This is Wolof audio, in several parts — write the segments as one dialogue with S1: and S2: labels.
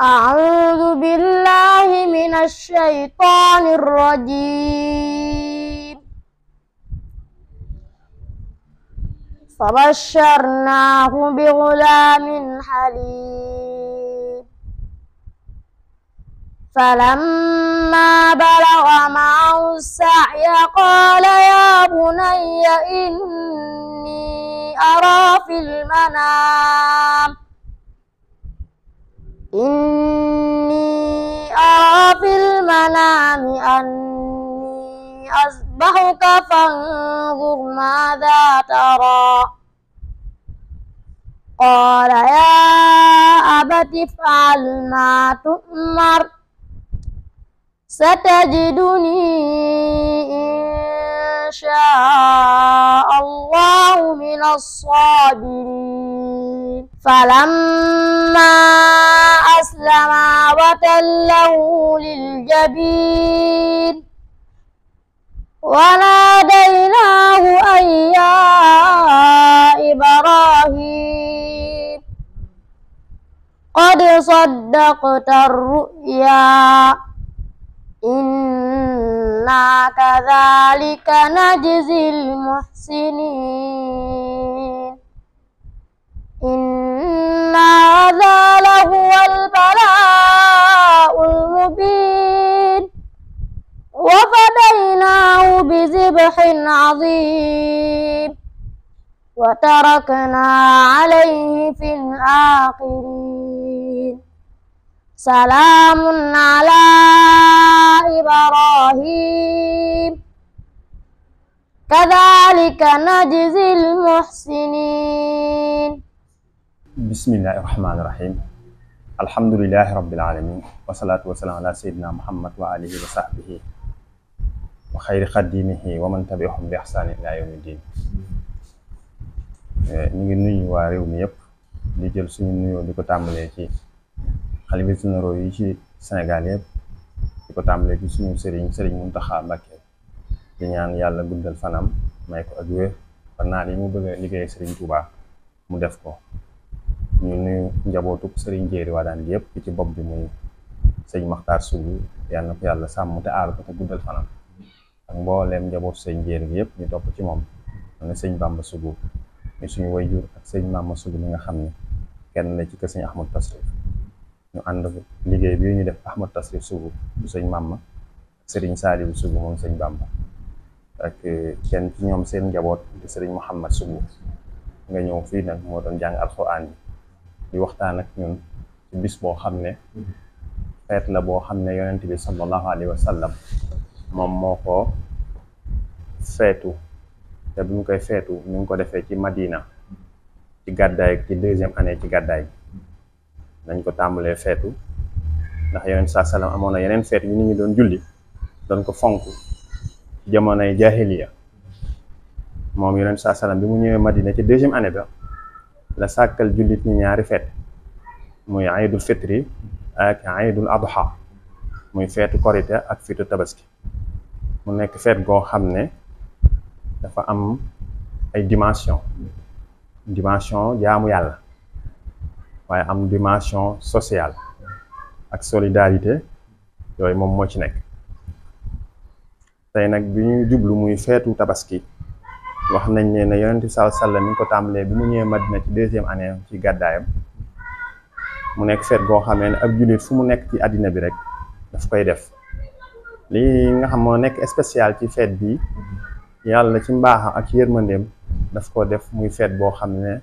S1: أعوذ بالله من الشيطان الرجيم فبشرناه بغلام حليم فلما بلغ معه السعي قال يا بني إني أرى في المنام إني أرى في المنام أني أصبحك فانظر ماذا ترى قال يا أبت افعل ما تؤمر ستجدني إن شاء الله من الصابرين فلما أسلما وتله للجبين وناديناه أن يا إبراهيم قد صدقت الرؤيا إنا كذلك نجزي المحسنين إن هذا لهو البلاء المبين وفديناه بذبح عظيم وتركنا عليه في الآخرين سلام على إبراهيم كذلك نجزي المحسنين
S2: bismillahi rahmaani rahim alhamdulilahi rabbil alamin wasalaatu wasalaam ala sayyidina muhammad wa alihi wa sahbihi wa xayri xadimihi wa man tabiahum bi ihsani ila yawmi din eh, ñu ngi nuyu waa réew mi yëpp di jël suñu nuyoo di ko tàmbalee ci xalifa généraux yi ci Sénégal yëpp di ko tàmbalee ci suñu sëriñ sëriñ Muntaxa Mbàkke di ñaan yàlla guddal fanam may ko ak wér ba naan yi mu bëgg a liggéey sëriñ Tuubaa mu def ko ñu nuyu njabootu sëriñ Jéeri Wadaan gi yëpp ci bopp bi muy sëñ Maxtaar Sougou yal ko yàlla sàmm te aar ko te guddal fanam ak mbooleem njabootu sëñ Jéeri gi yëpp ñu topp ci moom am na sëñ Bamba Sougou ñu suñu wayjur ak sëñ Mama Sougou mi nga xam ne kenn la ci kër sëñ Ahmad Tasrif ñu ànd liggéey bi ñu def Ahmad Tasrif Sougou bu sëñ Mama sëriñ Saalibu Sougou moom sëñ Bamba ak eh, kenn ci ñoom seen njaboot di sëriñ Mouhamad Sougou nga ñëw fii nag moo doon jàng alxuraan di waxtaan ak ñun ci bis boo xam ne feet la boo xam ne yonent bi sallallahu alayhi wa moom moo ko feetu te bu ñu koy feetu ñu ngi ko defee ci Madina ci gàddaay ci deuxième année ci gàddaay dañ ko tàmbalee feetu ndax yonent saa sallam amoon na yeneen feet yu nit ñi doon julli doon ko fonk jamonoy jaahiliya moom yonent saa sallam bi mu ñëwee Madina ci deuxième année ba la sàkkal jullit ñi ñaari feet muy aydul fitri ak aydul adha muy feetu korite ak feetu tabaski mu nekk feet goo xam ne dafa am ay dimension dimension jaamu yàlla waaye am dimension sociale ak solidarité yooyu moom moo ci nekk tey nag bi ñuy jublu muy feetu tabaski wax nañ leen ne yonent bi sallallahu alayhi wasallam mi ko tàmbalee bi mu ñëwee Madina ci deuxième année ci gàddaayam mu nekk seet goo xamee ne ab jullit fu mu nekk ci àddina bi rek daf koy def lii nga xam moo nekk spécial ci fête bi yàlla ci mbaaxam ak yërmandeem daf ko def muy fête boo xam ne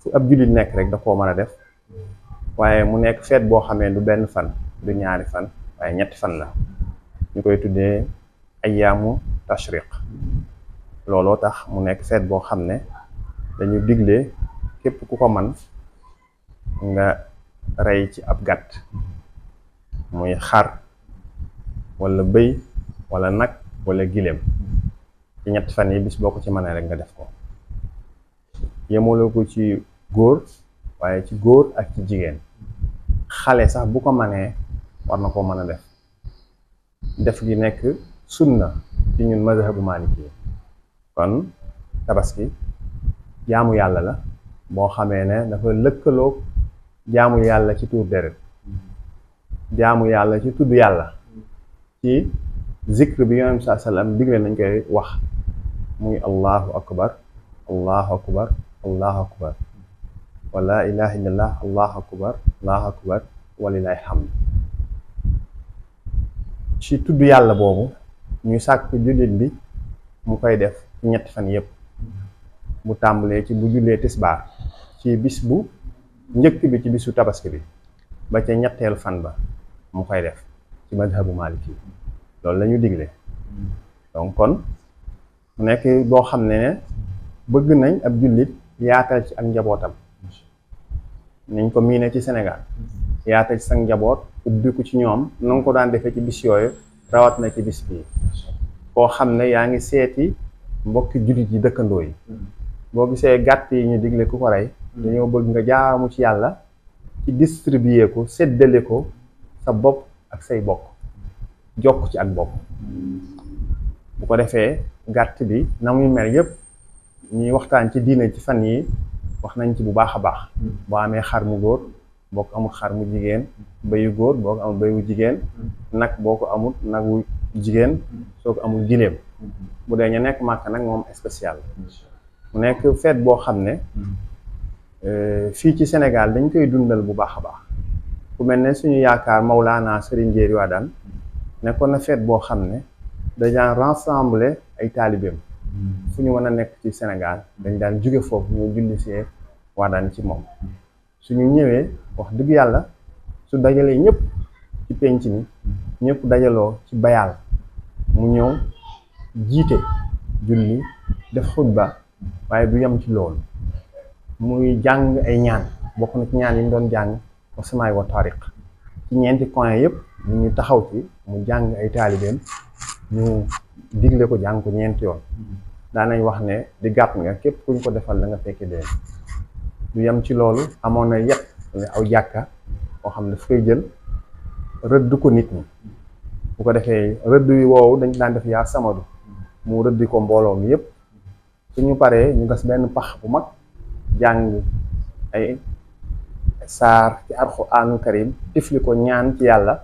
S2: fu ab jullit nekk rek da koo mën a def waaye mu nekk fête boo xamee du benn fan du ñaari fan waaye ñett fan la ñu koy tuddee ayyaamu tashriq looloo tax mu nekk seet boo xam ne dañu digle képp ku ko man nga rey ci ab gàtt muy xar wala bëy wala nag wala giléem ci ñett fan yi bis boo ko ci mënee rek nga def ko yemaloo ko ci góor waaye ci góor ak ci jigéen xale sax bu ko manee war na koo mën a def def gi nekk sunna ci ñun mazhabu maliki kon tabaski jaamu yàlla la boo xamee ne dafa lëkkaloog jaamu yàlla ci tuur deret jaamu yàlla ci tudd yàlla ci zikr bi yonent bi saa sallam digle nañ koy wax muy allahu akbar allahu akbar allahu akbar wala ilaha illallah allahu akbar allahu akbar walilahi hamd ci tudd yàlla boobu ñu sàkk jullit bi mu koy def ñett ñetti fan yëpp mu tàmbalee ci bu jullee tisbaar ci bis bu njëkk bi ci bisu tabaski bi ba ca ñetteel fan ba mu koy def ci madhabu maliki loolu lañu ñu digle donc kon mu nekk boo xam ne bëgg nañ ab jullit yaatal ci ak njabootam nañ ko miine ci senegal yaatal ci sa njaboot ubbiku ci ñoom na ko daan defee ci bis yooyu rawat na ci bis bii koo xam ne yaa ngi seeti mbokki jullit yi dëkkandoo yi mm-hmm. boo gisee gàtt yi ñu digle ku ko rey mm-hmm. dañoo bëgg nga jaamu ci yàlla ci distribuer ko seddale ko sa bopp ak say bokk jokk ci ak bokk
S3: mm-hmm.
S2: bu ko defee gàtt bi na muy mel yépp ñuy waxtaan ci diina ci fan yi wax nañ ci bu baax a baax boo amee xar mu góor boo ko amul xar mu jigéen bayu góor boo ko amul bayu jigéen nag boo ko amul nagu jigéen soo ko amul jiléem bu dee ñu nekk màkk nag moom spécial mu nekk feet boo xam ne euh, fii ci Sénégal dañ koy dundal bu baax a baax ku mel ne suñu yaakaar Maulana Serigne waa Wadane nekkoon na fête boo xam ne dañaan rassembler ay taalibeem fu ñu mën a nekk ci Sénégal dañ daan jóge foofu ñu julli see Wadane ci moom suñu ñëwee wax dëgg yàlla su dajalee ñëpp ci penc mi ñëpp dajaloo ci bayal mu ñëw jiite julli def xutba waaye du yem ci loolu muy jàng ay ñaan bokk na ci ñaan yi ñu doon jàng ko samay wa ci ñeenti coin yëpp mu ñu taxaw ci mu jàng ay taalibeem ñu digle ko jàng ko ñeenti yoon daanañ wax ne di gàtt nga képp kuñ ko defal la nga fekke dee du yem ci loolu amoon na yet aw jàkka boo xam ne daf koy jël rëdd ko nit ñi bu ko defee rëdd yi woowu dañ daan def yaa samadu mu rëddi ko mbooloo mi yëpp suñu paree ñu gas benn pax bu mag jàng ay saar ci alxuraanul karim tifli ko ñaan ci yàlla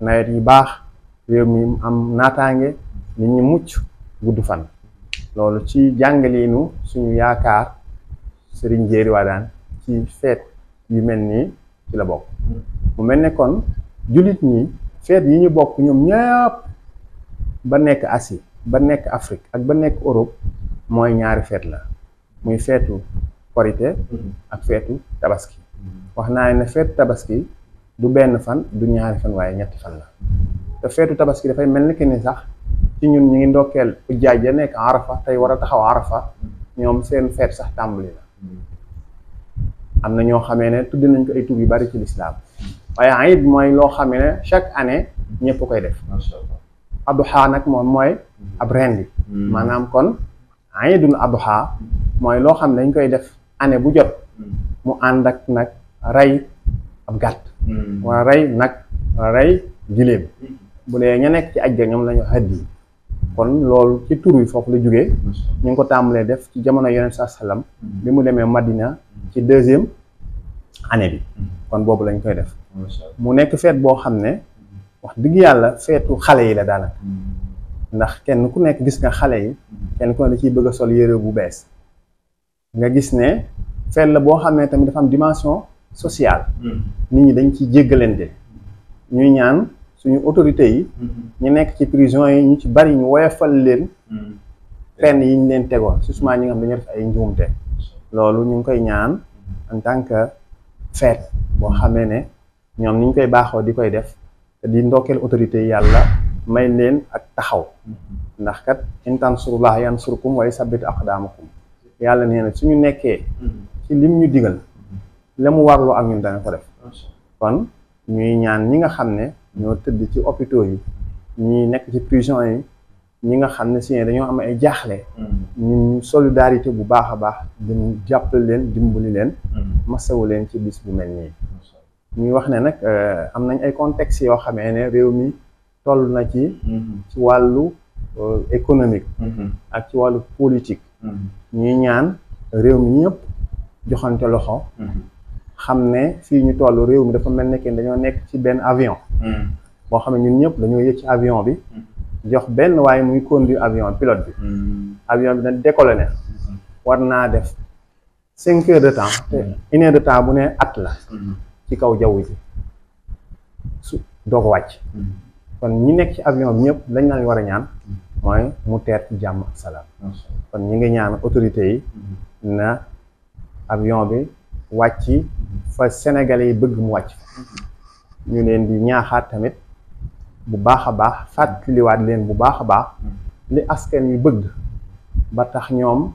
S2: nawet yi baax réew mi am naataange nit ñi mucc gudd fan loolu ci jàngaleenu suñu yaakaar sëriñ Jéeri Wadaan ci feet yu mel nii ci la bokk mu mel ne kon jullit ñi feet yi ñu bokk ñoom ñëpp ba nekk asi ba nekk Afrique ak ba nekk Europe mooy ñaari feet la muy feetu korite mm-hmm. ak feetu tabaski wax naa ne feetu tabaski du benn fan du ñaari fan waaye ñetti fan la te feetu tabaski dafay mel ni ki ni sax ci ñun ñu ngi ndokkeel jaaj ya nekk arafa tey war a taxaw arafa ñoom seen feet sax tàmbali la mm-hmm. am na ñoo xamee ne tudd nañ ko ay tur yu bari ci lislaam waaye ayib mooy loo xamee ne chaque année ñëpp koy def aduxa nag moom mooy ab rendi hmm. maanaam kon iidul adha mooy loo xam ne dañ koy def année bu jot hmm. mu ànd ak nag rey ab gàtt hmm. wala rey nag wala rey giléem bu dee ña nekk ci aj ga ñoom la ñu haddi kon loolu ci tur yi foofu la jógee ñu ngi ko tàmbalee def ci jamono yonent saa sallam bi mu demee Madina ci deuxième année bi kon boobu lañ koy def mu nekk feet boo xam ne wax dëgg yàlla feetu xale yi la daanaka ndax kenn ku nekk gis nga xale yi kenn ku ne da ciy sol yére bu bees nga gis ne fenn la boo xam ne tamit dafa am dimension sociale hmm. nit ñi dañ ciy jéggalante ñuy ñaan suñu autorité yi hmm. ñu nekk ci prison yi ñu ci bari ñu woyofal leen peine hmm. yi ñu leen tegoon surtout ñu nga xam dañoo def ay njuumte loolu ñu ngi koy ñaan en tant que fête boo xamee ne ñoom ni ñu koy baaxoo di koy def te di ndokkeel autorité yi yàlla may leen ak taxaw ndax kat in tansurullah yansurkum wa yusabbit aqdaamakum yàlla nee na suñu nekkee ci lim ñu digal la mu warloo ak ñun dana ko def kon ñuy ñaan ñi nga xam ne ñoo tëdd ci hôpitaux yi ñi nekk ci prison yi ñi nga xam ne si dañoo am ay jaaxle ñu solidarité bu baax a baax dañu jàppale leen dimbali leen masawu leen ci bis bu mel nii ñuy wax ne nag euh, am nañ ay contexte yoo xamee ne réew mi toll na ci mm-hmm. ci wàllu euh, économique mm-hmm. ak ci wàllu politique mm-hmm. ñuy ñaan réew mi ñëpp joxante loxo xam ne fii ñu toll réew mi dafa mel ne que dañoo nekk ci benn avion boo xam ne ñun ñëpp dañoo yëg ci avion bi jox benn waaye muy conduire avion pilote bi avion bi nag décollé war naa def cinq heures de temps te une de temps bu ne at la ci kaw jaww ji su doo wàcc kon ñi nekk ci avion bi ñëpp lañ leen war a ñaan mooy mu teer jàmm ak salaam kon ñi ngi ñaan autorité yi na avion bi wàcc fa Sénégalais yi bëgg mu wàcc ñu leen di ñaaxaat tamit bu baax a baax fàttaliwaat leen bu baax a baax li askan wi bëgg ba tax ñoom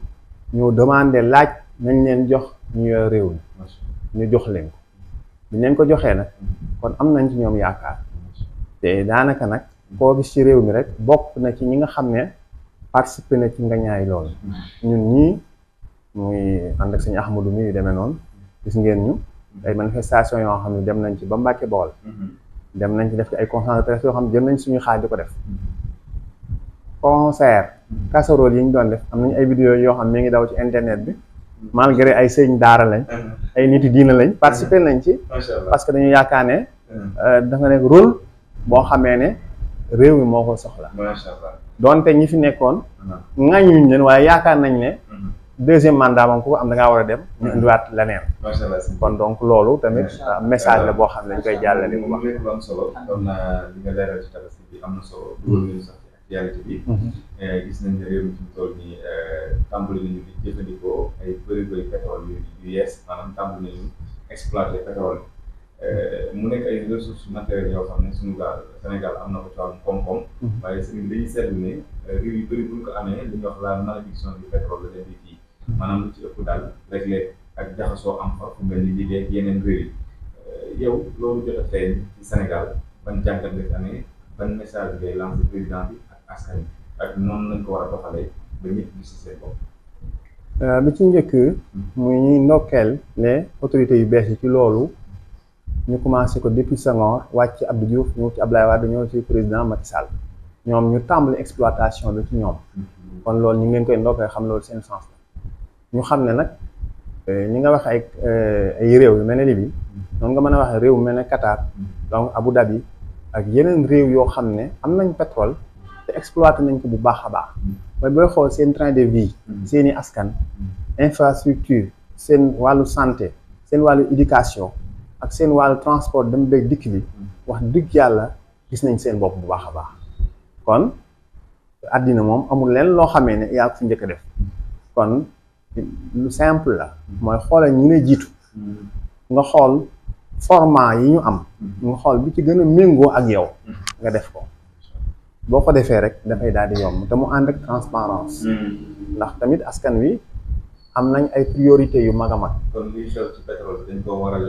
S2: ñu demandé laaj nañ leen jox ñu yor réew mi ñu jox leen ko ñu leen ko joxee nag kon am nañ ci ñoom yaakaar te daanaka nag koo gis ci réew mi rek bokk na ci ñi nga xam ne participé na ci nga ñaay lool ñun ñii muy ànd ak sëñ Ahmadou mi yu demee noonu gis ngeen ñu ay manifestation yoo xam ne dem nañ ci ba Mbàkke Bawol dem nañ ci def ci ay conférence yoo xam ne jël nañ suñu xaaj di ko def concert casserole yi ñu doon def am nañ ay vidéo yoo xam ne mi ngi daw ci internet bi malgré ay sëñ daara lañ ay nit yi diina lañ participer nañ ci parce que dañu yaakaar ne hmm. euh, dafa nekk rôle boo xamee ne réew mi moo ko soxla. macha allah donte ñi fi nekkoon. ŋañuñ leen waaye yaakaar nañ ne. deuxième mandat moom ku ko am da war a dem. ñu indiwaat leneen. macha kon donc loolu tamit. Euh, message la boo xam ne dañ koy jàllale bu baax. lu am solo am na li nga leeral ci bi am na mm-hmm. mm-hmm. euh, gis nañ euh, ay bëri bëri pétrole yu yu yees Euh, mu nekk ay ressources matérielles yoo xam suñu gaal Sénégal am na ko ci wàllum koom-koom. Mhm. waaye sëriñ dañuy seetlu ne euh, réew yu bëri bu ko amee li wax la malédiction du pétrole mhm. lu ci ëpp daal yeneen réew euh, yow loolu jot a ci Sénégal ban jàngat nga ci ban message ngay lancer président bi ak askan bi ak noonu lañ ko war a doxalee ba ñëpp gis ci seen bopp. bi ci njëkk. Mhm. muy ñuy ndokkeel ne autorités yu bees yi ci loolu. ñu commencé ko depuis Senghor wàcc ci Abdou Diouf ñëw ci Abdoulaye Wade ñëw ci président Macky Sall ñoom ñu tàmbali exploitation bi ci ñoom kon loolu ñu ngi leen koy ndokkee xam loolu seen sens la ñu xam ne nag euh, ñi nga wax ay euh, ay réew yu mel ne Libye noonu nga mën a wax réew mel ne Qatar donc Abu Dhabi ak yeneen réew yoo xam ne am nañ pétrole te exploité nañ ko bu baax a baax mooy booy xool seen train de vie seen i askan infrastructure seen wàllu santé seen wàllu éducation ak seen wàllu transport dem beeg dikk bi wax dëgg yàlla gis nañ seen bopp bu baax a baax kon àddina moom amul leen loo xamee ne yaa ko fi def kon lu simple la mooy xoolal ñi lay jiitu nga xool format yi ñu am nga xool bi ci gën a méngoo ak yow nga def ko boo ko defee rek dafay daal di yomb te mu ànd ak transparence hmm. ndax tamit askan wi am nañ ay priorité yu mag a mag. war a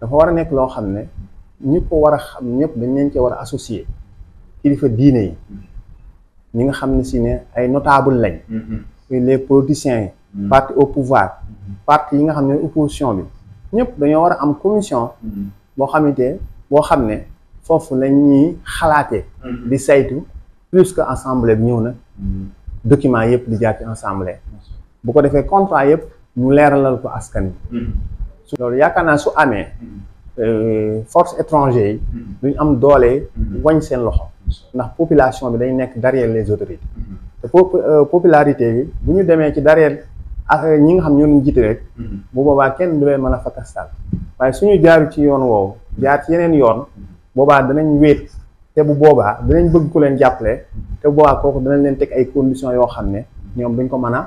S2: dafa war a nekk loo xam ne ñëpp ko war a xam ñëpp dañ leen cee war a associé kilifa diine yi ñi nga xam ne si ne ay notable lañ. Mm-hmm. les politiciens yi.
S3: Mm-hmm. parti
S2: au pouvoir. Mm-hmm. parti yi nga xam ne opposition bi. ñëpp dañoo war a am commission. boo xamante boo xam ne foofu lañ ñuy xalaatee. di saytu plus que assemblée bi ñëw na. document yëpp di jaar ci ensemble bu ko defee contrat yëpp ñu leeralal ko askan bi
S3: mm-hmm.
S2: loolu yaakaar naa su amee mm-hmm. euh, force étrangers yi mm-hmm. duñ am doole wañ seen loxo ndax population bi dañ nekk derrière les autorités te euh, popularité bi bu ñu demee ci derrière ak euh, ñi nga xam ñoo ñu jiite rek bu boobaa kenn du leen mën a fakastal waaye suñu jaaru ci yoon woow jaar ci yeneen yoon boobaa danañ wéet te bu boobaa danañ bëgg ku leen jàppale te boobaa kooku danañ leen teg ay conditions yoo xam ne ñoom duñ ko mën a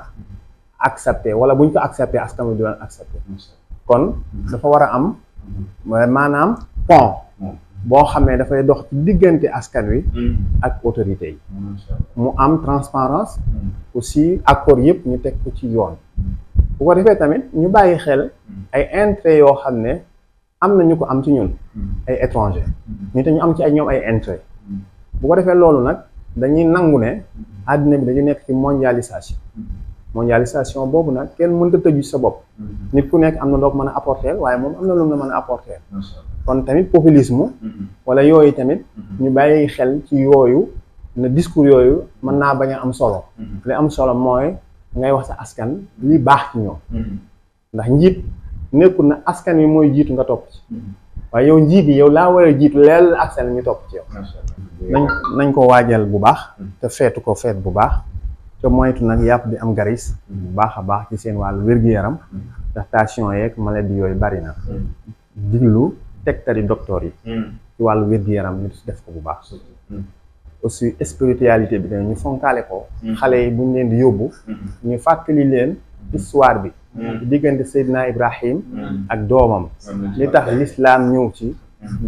S2: accepter wala buñ ko accepter askan wi du leen accepter kon dafa war a am maanaam pont boo xam ne dafay dox ci diggante askan wi mm. ak autorité yi mu am transparence aussi accord yëpp ñu teg ko ci yoon bu ko defee tamit ñu bàyyi xel ay intérêt yoo xam ne am na ñu ko am ci ñun mm. ay étranger mm. ñu te ñu am ci ay ñoom ay intérêt bu ko defee loolu nag dañuy nangu ne àddina bi dañu nekk ci mondialisation mondialisation boobu nag kenn mënta tëju sa bopp mm-hmm. nit ku nekk am na loo mën a apporter waaye moom am na lu mu mën a apporter kon tamit populisme mm-hmm. wala yooyu tamit mm-hmm. ñu bàyyi xel ci yooyu na discours yooyu mën naa bañ a am solo li am solo mooy ngay wax sa askan li baax ci ñoom ndax njiit nekkul na askan wi mooy jiitu nga topp ci waaye yow njiit yi yow laa war a jiitu leel askan ñu topp ci yow nañ nañ ko waajal bu baax te feetu ko feet bu baax te moytu nag yàpp di am garis bu baax a baax ci seen wàllu wér-gu-yaram ndax tension yeeg maladie yooyu bari na diglu tegtali docteur yi ci wàllu wér-gu-yaram ñu def ko bu baax aussi spiritualité bi dañ ñu fonkaale ko xale yi buñ leen di yóbbu ñu fàttali leen histoire bi mm. diggante Seydina Ibrahim mm. ak doomam li tax l'islam ñëw ci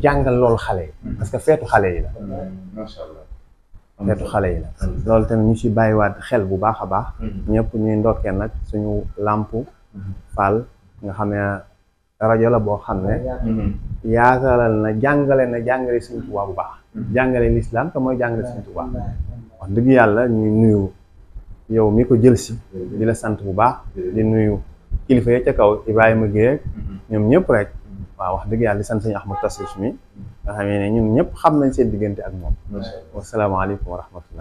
S2: jàngal lool xale yi mm-hmm. parce que feetu xale yi la
S3: mm-hmm.
S2: feetu xale yi la loolu tamit ñu si bàyyiwaat xel bu baax a baax mm-hmm. ñëpp ñuy ndokkee nag suñu làmp faal nga xam ne rajo la boo xam ne yaakaral na jàngale na jàngale Sëriñ bu baax jàngale lislaam te mooy jàngale Sëriñ Tuubaa wax dëgg yàlla ñuy nuyu yow mi ko jël si di la sant bu baax di nuyu kilifa ya ca kaw Ibrahima Guèye ñoom ñëpp rek waaw wax dëgg yàlla di sant suñu Ahmad Tafsir mi nga xam ne ñun ñëpp xam nañ seen diggante ak moom. wasalaamaaleykum wa rahmatullah